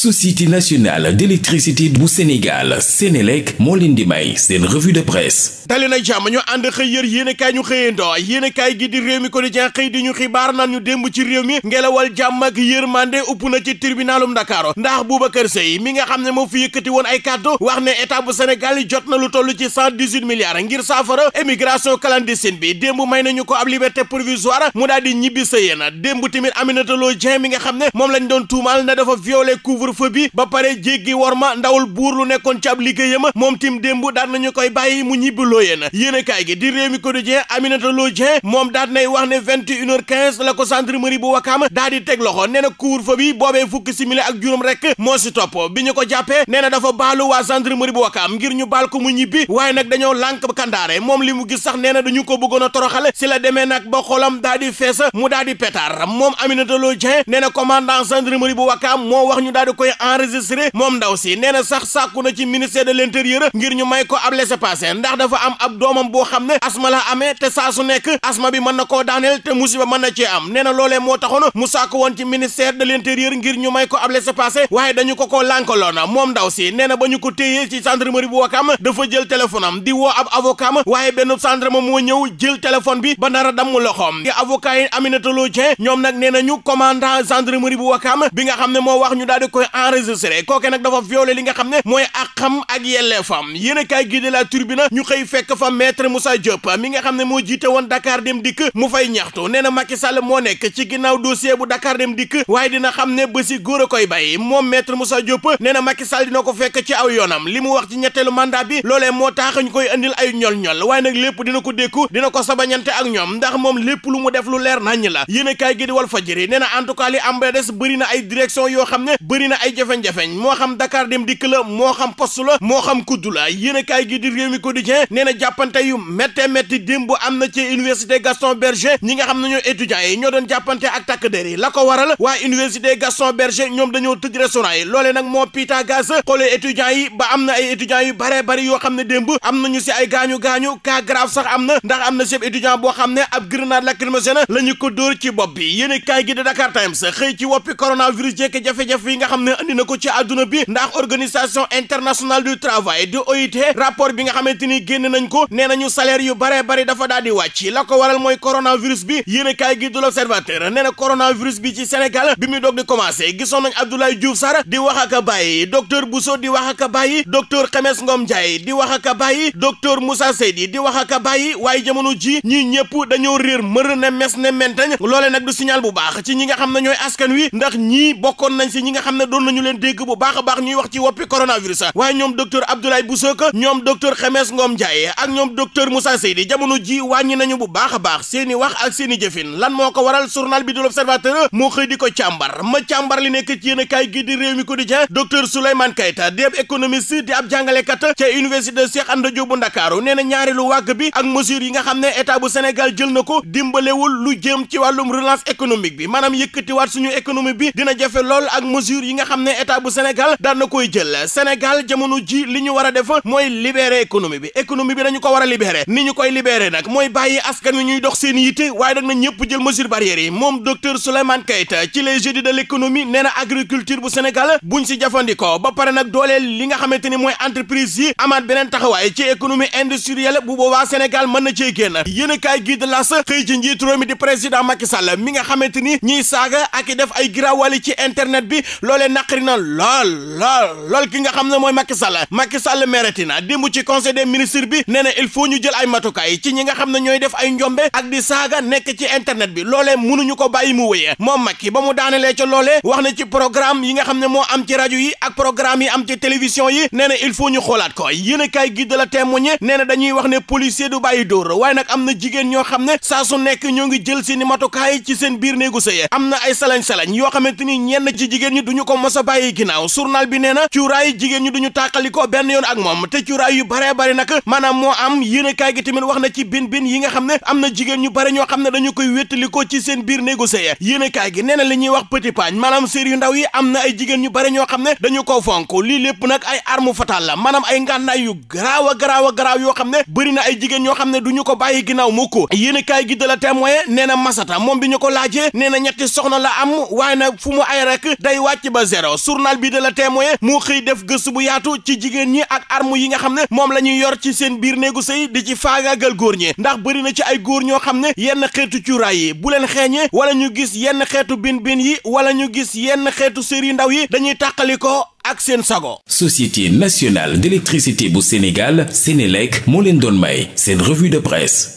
société nationale d'électricité bu Sénégal Sénélec moo leen di may seen revue de presse dali na jàmm ñu ànd xëy yër yéenekaay ñu xëyandoo yéenekaay gi di réew mi quotidien xëy di ñu xibaar naan ñu démb ci réew mi ngelawal jàmm ak yërmande upp na ci tribunalum Dakar ndax Boubacar Seye mi nga xam ne moo fi yëkkati woon ay kàddu wax ne état bu Sénégal jot na lu toll ci 118 milliards ngir saafara émigration clandestine bi démb may nañu ko ab liberté provisoire sa yéen démb tamit Aminata Lo Dieng mi nga xam ne moom lañ doon couvre-feu bi ba pare jéggi ma ndawul buur lu nekkoon ci liggéeyam moom tim démb daan nañu koy bàyyi mu ñibbiloo yéen yéenekaay gi di Rewmi Quotidien Aminata Lo Dieng moom daan nay wax ne vingt et une la ko gendarmerie bu Wakaam daal di teg loxo nee na couvre-feu bi boobee fukki simili ak juróom rek moo si topp bi ñu ko jàppee nee na dafa baalu waa gendarmerie bu Wakaam ngir ñu baal ko mu ñibbi waaye nag dañoo lànk a ba xolam moom koy enregistré moom ndaw si nee na sax sàkku na ci ministère de l'intérieur ngir ñu may ko ab laissez ndax dafa am ab doomam boo xam ne asma la te saa asma bi mën na koo daaneel te musiba mën na cee am nee na loolee moo taxoon mu sàkku woon ci ministère de l'intérieur ngir ñu may ko ab laissez waaye dañu ko koo lànkaloon moom ndaw si nee ba ñu ko téyee ci gendarmerie bu Ouakam dafa jël téléphone am di woo ab avocat waaye benn gendarme moo ñëw jël téléphone bi ba nar a damm loxoom di enregistré kooke nag dafa violé li nga xam ne mooy àqam ak yelleefam yéen a kaay gi de la na ñu xëy fekk fa maître Moussa Diop mi nga xam ne moo jiite woon Dakar dem dikk mu fay ñaxtu nee na Macky Sall moo nekk ci ginnaaw dossier bu Dakar dem dikk waaye dina xam ne ba si góor a koy bay moom maître Moussa Diop nee na Macky Sall dina ko fekk ci aw yoonam li mu wax ci ñetteelu mandat bi loolee moo tax ñu koy andil ay ñol-ñol waaye nag lépp dina ko dékku dina ko sabañante ak ñoom ndax moom lépp lu mu def leer nañ la yéen a kaay gi di Walf nee na en tout cas li am ba des na ay direction yoo xam ne bëri na ay jafeñ-jafeñ moo xam Dakar dem dikk la moo xam poste la moo xam kuddu la yéenekaay gi di Rewmi Quotidien nee na jàppante yu métte métti démb am na ci université Gaston Berger ñi nga xam ne ñoo étudiants yi ñoo doon jàppante ak takk der yi la ko waral waa université Gaston Berger ñoom dañoo tëj restaurant yi loolee nag moo piita gaz xoolee étudiants yi ba am na ay étudiants yu baree bari yoo xam ne démb am nañu si ay gaañu gaañu cas grave sax am na ndax am na chef étudiant boo xam ne ab grenade lacrymogène la ñu ko dóor ci bopp bi yéenekaay gi di Dakar Times xëy ci nga xam ne ne andi na ko ci àdduna bi ndax organisation internationale du travail di OIT rapport bi nga xamante ni génn nañ ko nee nañu salaire yu baree bari dafa daal wàcc la ko waral mooy coronavirus bi yéen kaay gi du l'observateur nee na coronavirus bi ci Sénégal bi muy doog di commencé gisoon nañ Abdoulaye Diouf Sarr di wax ak a bàyyi docteur Bousso di wax ak a bàyyi docteur Khemes Ngom Ndiaye di wax ak a bàyyi docteur Moussa Seydi di wax ak a bàyyi waaye jamono ji ñi ñëpp dañoo réer mër ne mes ne mentañ loole bu baax ci ñi nga xam ne ñooy askan wi waroon nañu leen dégg bu baax a baax ñuy wax ci woppi coronavirus waaye ñoom docteur Abdoulaye Boussouka ñoom docteur Xemes Ngom Ndiaye ak ñoom docteur Moussa Seydi jamono ji wàññi nañu bu baax a baax seeni wax ak seeni jëfin lan moo ko waral journal bi du l'Observateur moo xëy di ko càmbar ma càmbar li nekk ci yéen a kaay gi di réew mi quotidien docteur Souleymane Kayta di ab économiste di ab jàngalekat ca université Cheikh Anta Diop bu Ndakaaru nee na ñaareelu wàgg bi ak mesure yi nga xam ne état bu Sénégal jël na ko dimbalewul lu jëm ci wàllum relance économique bi maanaam yëkkatiwaat suñu économie bi dina jafe lool ak mesure yi nga xam ne état bu Sénégal daan na koy jël Sénégal jamono ji li ñu war a def mooy libérer économie bi économie bi na ñu ko war a libérer ni ñu koy libérer nag mooy bàyyi askan wi ñuy dox seen yitte waaye nag na ñëpp jël mesure barrières yi moom docteur Souleymane Keita ci les jeudis de l'économie nee na agriculture bu Sénégal buñ si jafandikoo ba pare nag dooleel li nga xamante ni mooy entreprise yi amaat beneen taxawaay ci économie industrielle bu boobaa Sénégal mën na cee génn yéen a kaay gii de las xëy ci njiit réew mi di président Macky Sall mi nga xamante ni ñiy saaga ak i def ay giraawali ci internet bi naqari na lool lool lool ki nga xam ne mooy Macky Sall Macky Sall mereti na démb ci conseil des ministres bi nee na il faut ñu jël ay matukaay ci ñi nga xam ne ñooy def ay njombe ak di saaga nekk ci internet bi loolee mënuñu ko bàyyi mu moo moom yi ba mu daanelee ca loolee wax na ci programme yi nga xam ne moo am ci rajo yi ak programme yi am ci télévision yi nee na il faut ñu xoolaat ko yéen a kaay gi de la témoigner nee na dañuy wax ne policier du bàyyi dóor waaye nag am na jigéen ñoo xam ne saa su nekk ñoo ngi jël seeni matukaay ci seen biir néegu sëye am na ay salañ yoo xamante ni ñenn ci jigéen ñi duñu ko mos a bàyyi ginnaaw journal bi nee na cuuraayu jigéen ñu duñu tàqalikoo benn yoon ak moom te cuuraay yu baree bari nag maanaam moo am yéenekaay gi tamit wax na ci bin bin yi nga xam ne am na jigéen ñu bare ñoo xam ne dañu koy wéttalikoo ci seen biir négocier yéenekaay gi nee na li ñuy wax petit pagne maanaam séer yu ndaw yi am na ay ñu bari ñoo xam ne dañu ko fonk lii lépp nag ay arme fatale la maanaam ay ngànnaay yu garaaw a garaaw a yoo xam ne bëri na ay jigéen ñoo xam ne duñu ko bàyyi ginnaaw mukk yéenekaay gi da la témoin nee na masata moom bi ñu ko laajee nee na ñetti soxna la am waaye nag fu mu ay rek day wàcc ba zéro journal bi de la témoin moo xëy def gëstu bu yaatu ci jigéen ñi ak arme yi nga xam ne moom la ñuy yor ci seen biir néegu sëy di ci faagaagal góor ñi ndax bëri na ci ay góor ñoo xam ne yenn xeetu cuuraay yi bu leen xeeñee wala ñu gis yenn xeetu bin bin yi wala ñu gis yenn xeetu sër yu ndaw yi dañuy tàqali ko ak seen sago. Société nationale d'électricité bu Sénégal Sénélec moo leen doon may seen revue de presse.